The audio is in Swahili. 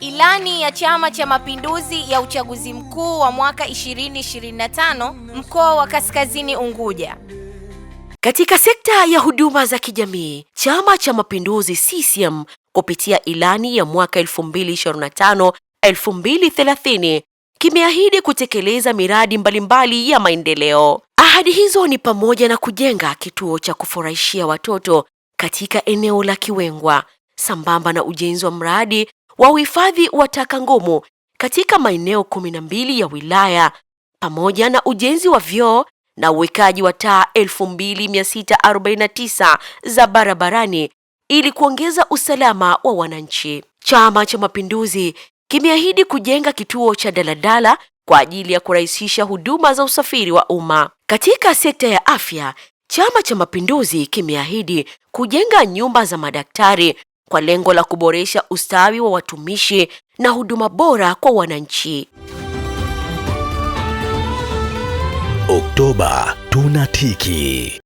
Ilani ya Chama cha Mapinduzi ya uchaguzi mkuu wa mwaka 2025 mkoa wa Kaskazini Unguja. Katika sekta ya huduma za kijamii, Chama cha Mapinduzi CCM kupitia ilani ya mwaka 2025 2030 kimeahidi kutekeleza miradi mbalimbali mbali ya maendeleo. Ahadi hizo ni pamoja na kujenga kituo cha kufurahishia watoto katika eneo la Kiwengwa sambamba na ujenzi wa mradi wa uhifadhi wa taka ngumu katika maeneo kumi na mbili ya wilaya pamoja na ujenzi wa vyoo na uwekaji wa taa 2649 za barabarani ili kuongeza usalama wa wananchi. Chama cha Mapinduzi kimeahidi kujenga kituo cha daladala kwa ajili ya kurahisisha huduma za usafiri wa umma. Katika sekta ya afya, Chama cha Mapinduzi kimeahidi kujenga nyumba za madaktari kwa lengo la kuboresha ustawi wa watumishi na huduma bora kwa wananchi. Oktoba tunatiki.